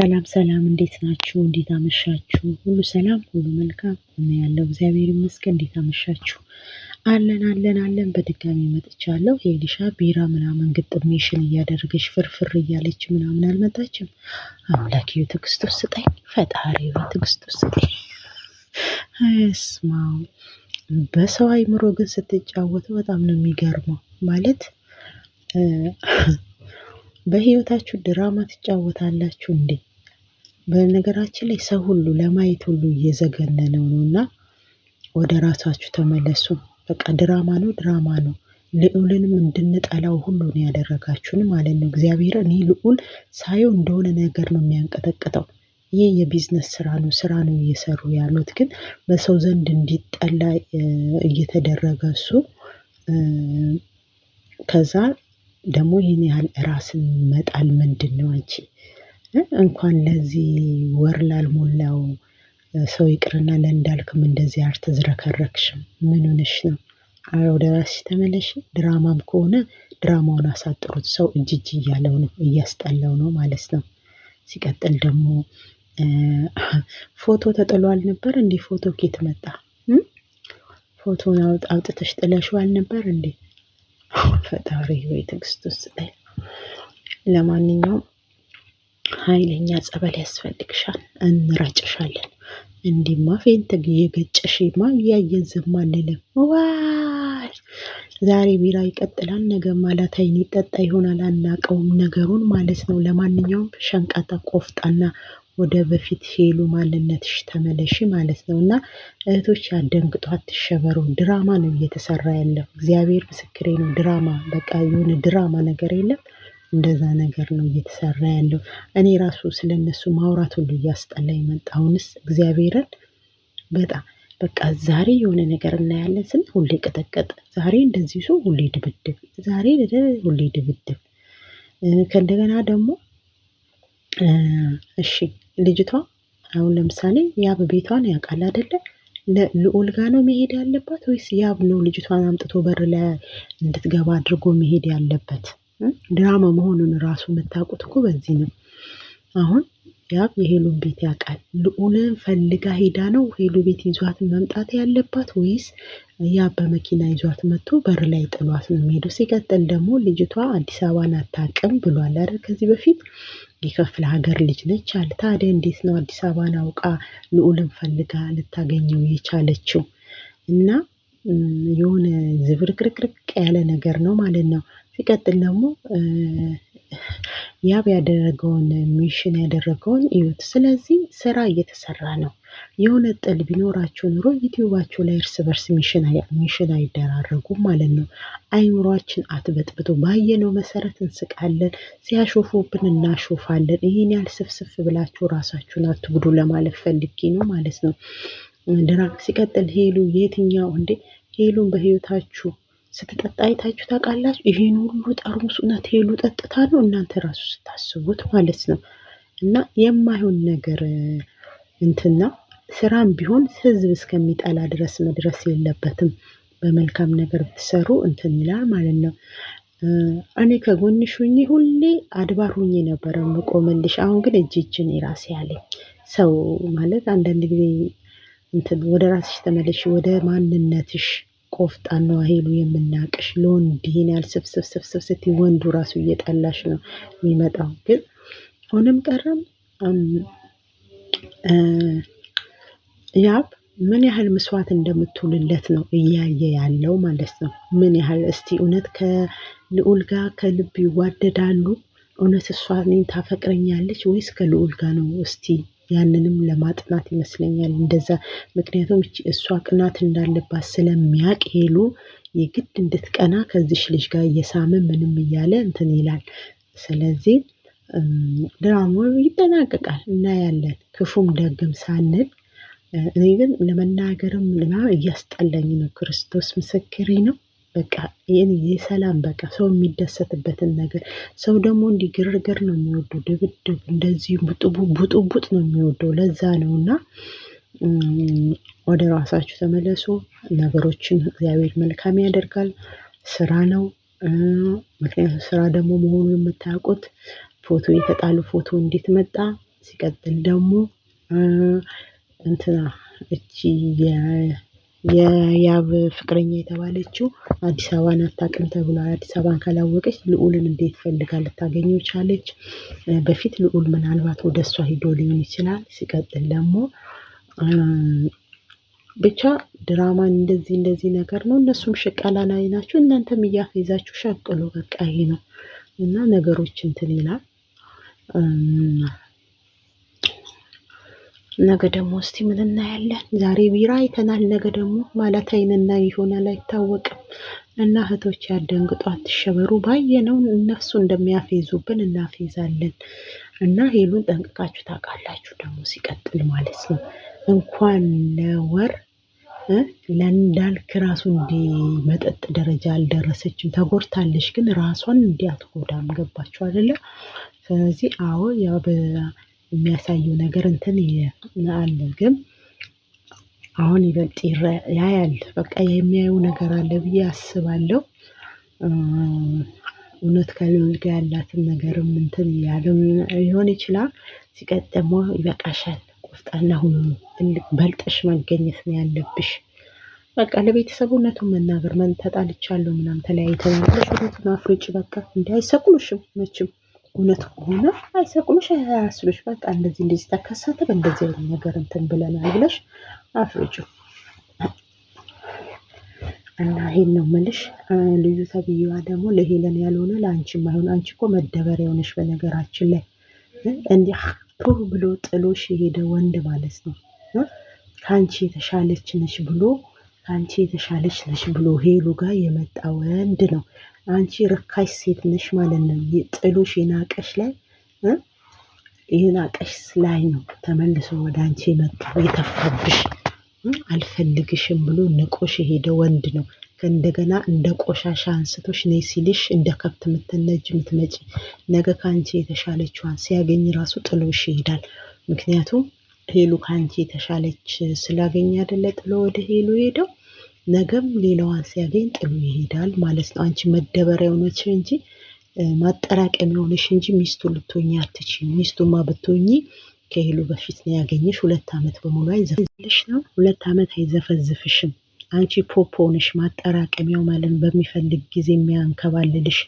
ሰላም ሰላም፣ እንዴት ናችሁ? እንዴት አመሻችሁ? ሁሉ ሰላም፣ ሁሉ መልካም እና ያለው እግዚአብሔር ይመስገን። እንዴት አመሻችሁ? አለን አለን አለን። በድጋሚ መጥቻለሁ። ሄልሻ ቢራ ምናምን ግጥሜሽን እያደረገች ፍርፍር እያለች ምናምን አልመጣችም። አምላኬ ትዕግስቱ ስጠኝ፣ ፈጣሪ ትዕግስቱ ስጠኝ። ስማ፣ በሰው አይምሮ ግን ስትጫወተው በጣም ነው የሚገርመው ማለት በህይወታችሁ ድራማ ትጫወታላችሁ እንዴ? በነገራችን ላይ ሰው ሁሉ ለማየት ሁሉ እየዘገነነው ነው እና ወደ ራሳችሁ ተመለሱ። በቃ ድራማ ነው፣ ድራማ ነው። ልዑልንም እንድንጠላው ሁሉ ነው ያደረጋችሁን ማለት ነው። እግዚአብሔር እኔ ልዑል ሳየው እንደሆነ ነገር ነው የሚያንቀጠቅጠው። ይህ የቢዝነስ ስራ ነው፣ ስራ ነው እየሰሩ ያሉት። ግን በሰው ዘንድ እንዲጠላ እየተደረገ እሱ ከዛ ደግሞ ይህን ያህል ራስን መጣል ምንድን ነው አንቺ እንኳን ለዚህ ወር ላልሞላው ሰው ይቅርና ለእንዳልክም እንደዚህ አልተዝረከረክሽም። ምን ሆነሽ ነው? አረ ወደ ራስሽ ተመለሽ። ድራማም ከሆነ ድራማውን አሳጥሩት። ሰው እጅ እጅ እያለው ነው፣ እያስጠላው ነው ማለት ነው። ሲቀጥል ደግሞ ፎቶ ተጥሏል ነበር እንዴ? ፎቶ ኬት መጣ? ፎቶን አውጥተሽ ጥለሽዋል አልነበር እንዴ? ፈጣሪ ወይ ትዕግስት ውስጥ። ለማንኛውም ኃይለኛ ጸበል ያስፈልግሻል፣ እንረጭሻለን። እንዲማ ፌንት የገጨሽማ እያየን ዝም አንልም። ዋይ ዛሬ ቢራ ይቀጥላል፣ ነገ ማላታይን አይን ይጠጣ ይሆናል። አናቀውም ነገሩን ማለት ነው። ለማንኛውም ሸንቃጣ ቆፍጣና ወደ በፊት ሄሉ ማንነትሽ ተመለሺ ማለት ነው። እና እህቶች ያደንግጡ፣ አትሸበሩ። ድራማ ነው እየተሰራ ያለው። እግዚአብሔር ምስክሬ ነው። ድራማ በቃ የሆነ ድራማ ነገር የለም። እንደዛ ነገር ነው እየተሰራ ያለው። እኔ ራሱ ስለነሱ ማውራት ሁሉ እያስጠላ መጣ። አሁንስ እግዚአብሔርን በጣም በቃ ዛሬ የሆነ ነገር እናያለን ስን ሁሌ ቅጠቀጥ ዛሬ እንደዚህ ሰው ሁሌ ድብድብ፣ ዛሬ ሁሌ ድብድብ። ከእንደገና ደግሞ እሺ ልጅቷ አሁን ለምሳሌ ያብ ቤቷን ያውቃል አይደለ? ልዑል ጋ ነው መሄድ ያለባት ወይስ ያብ ነው ልጅቷን አምጥቶ በር ላይ እንድትገባ አድርጎ መሄድ ያለበት? ድራማ መሆኑን ራሱ የምታውቁት እኮ በዚህ ነው። አሁን ያ የሄሉን ቤት ያውቃል። ልዑልን ፈልጋ ሄዳ ነው ሄሉ ቤት ይዟት መምጣት ያለባት ወይስ ያ በመኪና ይዟት መጥቶ በር ላይ ጥሏት ነው የሚሄደው? ሲቀጥል ደግሞ ልጅቷ አዲስ አበባን አታውቅም ብሏል አይደል? ከዚህ በፊት የከፍለ ሀገር ልጅ ነች አለ። ታዲያ እንዴት ነው አዲስ አበባን አውቃ ልዑልን ፈልጋ ልታገኘው የቻለችው? እና የሆነ ዝብርቅርቅርቅ ያለ ነገር ነው ማለት ነው። ሲቀጥል ደግሞ ያብ ያደረገውን ሚሽን ያደረገውን እዩት። ስለዚህ ስራ እየተሰራ ነው። የሆነ ጥል ቢኖራቸው ኑሮ ዩቲዩባችሁ ላይ እርስ በርስ ሚሽን አይደራረጉም ማለት ነው። አይምሯችን አትበጥብጡ። ባየነው መሰረት እንስቃለን፣ ሲያሾፉብን እናሾፋለን። ይህን ያህል ስፍስፍ ብላችሁ ራሳችሁን አትጉዱ ለማለት ፈልጌ ነው ማለት ነው። ድራ ሲቀጥል ሄሉ የትኛው እንዴ ሄሉን በህይወታችሁ ስትጠጣ አይታችሁ ታውቃላችሁ? ይሄን ሁሉ እና ቴሉ ጠጥታ ነው እናንተ ራሱ ስታስቡት ማለት ነው። እና የማይሆን ነገር እንትና ስራም ቢሆን ህዝብ እስከሚጠላ ድረስ መድረስ የለበትም። በመልካም ነገር ብትሰሩ እንትን ይላል ማለት ነው። እኔ ከጎንሽ ሁኜ ሁሌ አድባር ሁኜ ነበረ የምቆምልሽ። አሁን ግን እጅ እጅን የራሴ ያለኝ ሰው ማለት አንዳንድ ጊዜ እንትን ወደ ራስሽ ተመለሽ፣ ወደ ማንነትሽ ቆፍጣናዋ ሄሉ የምናቅሽ ለወንድ ይሄን ያህል ስብስብስብስብ ስትይ ወንዱ ራሱ እየጠላሽ ነው የሚመጣው። ግን ሆነም ቀረም ያብ ምን ያህል ምስዋት እንደምትውልለት ነው እያየ ያለው ማለት ነው። ምን ያህል እስቲ እውነት ከልዑል ጋር ከልብ ይዋደዳሉ? እውነት እሷ እኔን ታፈቅረኛለች ወይስ ከልዑል ጋር ነው እስቲ ያንንም ለማጥናት ይመስለኛል እንደዛ። ምክንያቱም እሷ ቅናት እንዳለባት ስለሚያቅ ሄሉ የግድ እንድትቀና ከዚሽ ልጅ ጋር እየሳመ ምንም እያለ እንትን ይላል። ስለዚህ ድራማው ይጠናቀቃል፣ እናያለን ክፉም ደግም ሳንል። እኔ ግን ለመናገርም ና እያስጠላኝ ነው። ክርስቶስ ምስክሬ ነው። በቃ የሰላም በቃ ሰው የሚደሰትበትን ነገር ሰው ደግሞ እንዲህ ግርግር ነው የሚወደው፣ ድብድብ እንደዚህ ቡጡቡጥ ነው የሚወደው። ለዛ ነው እና ወደ ራሳችሁ ተመለሱ። ነገሮችን እግዚአብሔር መልካም ያደርጋል። ስራ ነው። ምክንያቱም ስራ ደግሞ መሆኑን የምታውቁት ፎቶ የተጣሉ ፎቶ እንዴት መጣ። ሲቀጥል ደግሞ እንትና እቺ የያብ ፍቅረኛ የተባለችው አዲስ አበባን አታውቅም ተብሏል። አዲስ አበባን ካላወቀች ልዑልን እንዴት ፈልጋ ልታገኘው ቻለች? በፊት ልዑል ምናልባት ወደ እሷ ሂዶ ሊሆን ይችላል። ሲቀጥል ደግሞ ብቻ ድራማን እንደዚህ እንደዚህ ነገር ነው። እነሱም ሽቀላ ላይ ናቸው። እናንተም እያፌዛችሁ ሸቅሎ በቃ ይሄ ነው እና ነገሮች እንትን ይላል። ነገ ደግሞ እስቲ ምን እናያለን። ዛሬ ቢራ አይተናል፣ ነገ ደግሞ ማለት አይንና ይሆናል አይታወቅም። እና እህቶች ያደንግጡ፣ አትሸበሩ። ባየነው እነሱ እንደሚያፌዙብን እናፌዛለን። እና ሄሉን ጠንቅቃችሁ ታውቃላችሁ። ደግሞ ሲቀጥል ማለት ነው እንኳን ለወር ለእንዳልክ ራሱ እንዲመጠጥ ደረጃ አልደረሰችም። ተጎድታለች፣ ግን ራሷን እንዲያትጎዳም አትጎዳም። ገባችሁ አይደለ? ስለዚህ አዎ የሚያሳየው ነገር እንትን አለ ግን አሁን ይበልጥ ያያል። በቃ የሚያየው ነገር አለ ብዬ አስባለሁ። እውነት ከልዑል ጋር ያላትን ነገርም እንትን ያለው ሊሆን ይችላል። ሲቀጥ ደግሞ ይበቃሻል፣ ቆፍጣና ሁኑ፣ በልጠሽ መገኘት ነው ያለብሽ። በቃ ለቤተሰቡ እውነቱን መናገር መን ተጣልቻለሁ ምናምን ተለያይተናል፣ እውነቱን አፍርጭ በቃ እንዲ አይሰቅሉሽም መችም እውነት ከሆነ አይሰቅሉሽ፣ አያስሉሽ። በቃ እንደዚህ እንደዚህ ተከሰተ በእንደዚህ አይነት ነገር እንትን ብለናል ብለሽ አፍርጩ እና ይሄን ነው ምልሽ። ልዩ ተብዬዋ ደግሞ ለሄለን ያልሆነ ለአንቺ ማይሆን አንቺ እኮ መደበሪያ ሆነሽ በነገራችን ላይ እንዲህ ቶ ብሎ ጥሎሽ የሄደ ወንድ ማለት ነው ከአንቺ የተሻለች ነች ብሎ አንቺ የተሻለች ነሽ ብሎ ሄሉ ጋር የመጣ ወንድ ነው። አንቺ ርካሽ ሴት ነሽ ማለት ነው። ጥሎሽ የናቀሽ ላይ የናቀሽ ላይ ነው ተመልሶ ወደ አንቺ የመጣው የተፋብሽ አልፈልግሽም ብሎ ንቆሽ የሄደ ወንድ ነው። ከእንደገና እንደ ቆሻሻ አንስቶች ነይ ሲልሽ እንደ ከብት የምትነጅ የምትመጪ ነገ ከአንቺ የተሻለችዋን ሲያገኝ ራሱ ጥሎሽ ይሄዳል። ምክንያቱም ሄሉ ካንቺ የተሻለች ስላገኘ አደለ ጥሎ ወደ ሄሉ ሄደው ነገም ሌላዋን ሲያገኝ ጥሎ ይሄዳል ማለት ነው። አንቺ መደበሪያ የሆነች እንጂ ማጠራቀሚያ የሆነች እንጂ ሚስቱ ልትሆኝ አትች። ሚስቱማ ብትሆኝ ከሄሉ በፊት ነው ያገኘሽ። ሁለት ዓመት በሙሉ አይዘፈዝፍሽ ነው ሁለት ዓመት አይዘፈዝፍሽም። አንቺ ፖፖ ሆነሽ ማጠራቀሚያው ማለት ነው። በሚፈልግ ጊዜ የሚያንከባልልሽ፣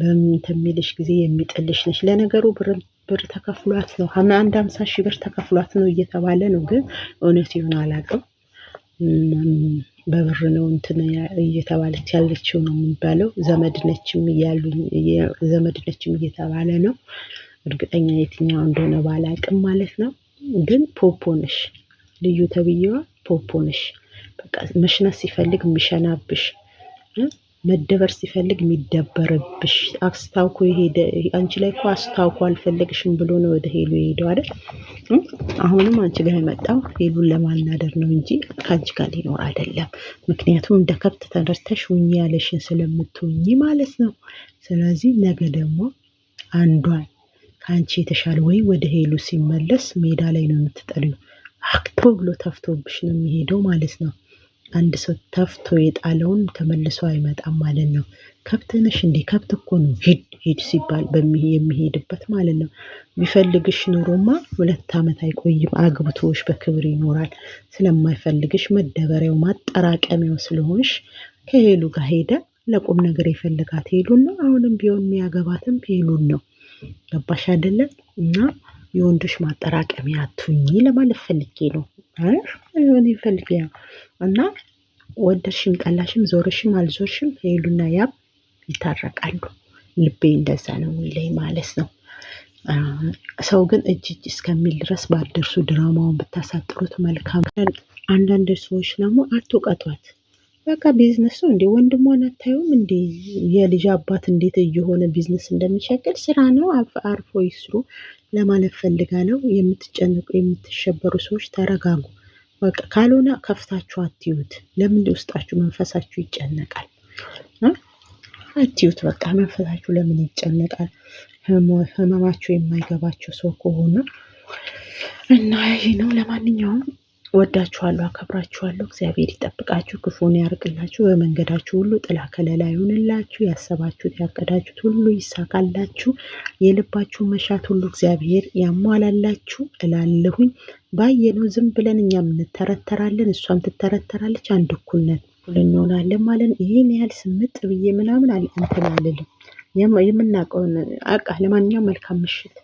በምንተሚልሽ ጊዜ የሚጥልሽ ነሽ። ለነገሩ ብርም ብር ተከፍሏት ነው ሀና አንድ ሀምሳ ሺህ ብር ተከፍሏት ነው እየተባለ ነው። ግን እውነት ይሁን አላውቅም። በብር ነው እንትን እየተባለች ያለችው ነው የሚባለው። ዘመድ ነችም እያሉ ዘመድ ነችም እየተባለ ነው። እርግጠኛ የትኛው እንደሆነ ባላውቅም ማለት ነው። ግን ፖፖነሽ ልዩ ተብዬዋ ፖፖነሽ በቃ መሽናት ሲፈልግ የሚሸናብሽ መደበር ሲፈልግ የሚደበርብሽ አስታውኮ ሄደ። አንቺ ላይ እኮ አስታውኮ አልፈለግሽም ብሎ ነው ወደ ሄሉ የሄደው አይደል? አሁንም አንቺ ጋር የመጣው ሄሉን ለማናደር ነው እንጂ ከአንቺ ጋር ሊኖር አይደለም። ምክንያቱም እንደ ከብት ተነርተሽ ውኝ ያለሽን ስለምትውኝ ማለት ነው። ስለዚህ ነገ ደግሞ አንዷን ከአንቺ የተሻለ ወይ ወደ ሄሉ ሲመለስ ሜዳ ላይ ነው የምትጠሪው። አክቶ ብሎ ተፍቶብሽ ነው የሚሄደው ማለት ነው። አንድ ሰው ተፍቶ የጣለውን ተመልሶ አይመጣም ማለት ነው። ከብት ነሽ እንዴ? ከብት እኮ ነው ሂድ ሂድ ሲባል የሚሄድበት ማለት ነው። ቢፈልግሽ ኑሮማ ሁለት ዓመት አይቆይም፣ አግብቶዎች በክብር ይኖራል። ስለማይፈልግሽ መደበሪያው ማጠራቀሚያው ስለሆንሽ ከሄሉ ጋር ሄደ ለቁም ነገር የፈለጋት ሄሉን ነው። አሁንም ቢሆን የሚያገባትም ሄሉን ነው። ገባሽ አይደለም? እና የወንዶች ማጠራቀሚያ አትሁኚ ለማለት ፈልጌ ነው። አሪፍ ሆን ይፈልጋል እና ወደድሽም ጠላሽም ዞርሽም አልዞርሽም ሄሉና ያብ ይታረቃሉ። ልቤ እንደዛ ነው የሚለኝ ማለት ነው። ሰው ግን እጅ እጅ እስከሚል ድረስ ባደርሱ ድራማውን ብታሳጥሩት መልካም። አንዳንድ ሰዎች ደግሞ አትውቀቷት። በቃ ቢዝነሱ እንዴ? ወንድሟን አታዩም እንዴ? የልጅ አባት እንዴት እየሆነ ቢዝነስ እንደሚሸቅል ስራ ነው። አርፎ ይስሩ ለማለት ፈልጋለው የምትጨነቁ የምትሸበሩ ሰዎች ተረጋጉ። በቃ ካልሆነ ከፍታችሁ አትዩት። ለምን ውስጣችሁ መንፈሳችሁ ይጨነቃል? አትዩት። በቃ መንፈሳችሁ ለምን ይጨነቃል? ህመማችሁ የማይገባቸው ሰው ከሆነ እና ይሄ ነው። ለማንኛውም ወዳችኋለሁ፣ አከብራችኋለሁ። እግዚአብሔር ይጠብቃችሁ፣ ክፉን ያርቅላችሁ፣ በመንገዳችሁ ሁሉ ጥላ ከለላ ይሆንላችሁ ያሰባችሁት ያቀዳችሁት ሁሉ ይሳካላችሁ፣ የልባችሁ መሻት ሁሉ እግዚአብሔር ያሟላላችሁ እላለሁኝ። ባየነው ዝም ብለን እኛም እንተረተራለን፣ እሷም ትተረተራለች። አንድ እኩልነት ነን፣ እንሆናለን ማለት ይህን ያህል ስምጥ ብዬ ምናምን አንተን አልልም። የምናውቀውን አቃ። ለማንኛውም መልካም ምሽት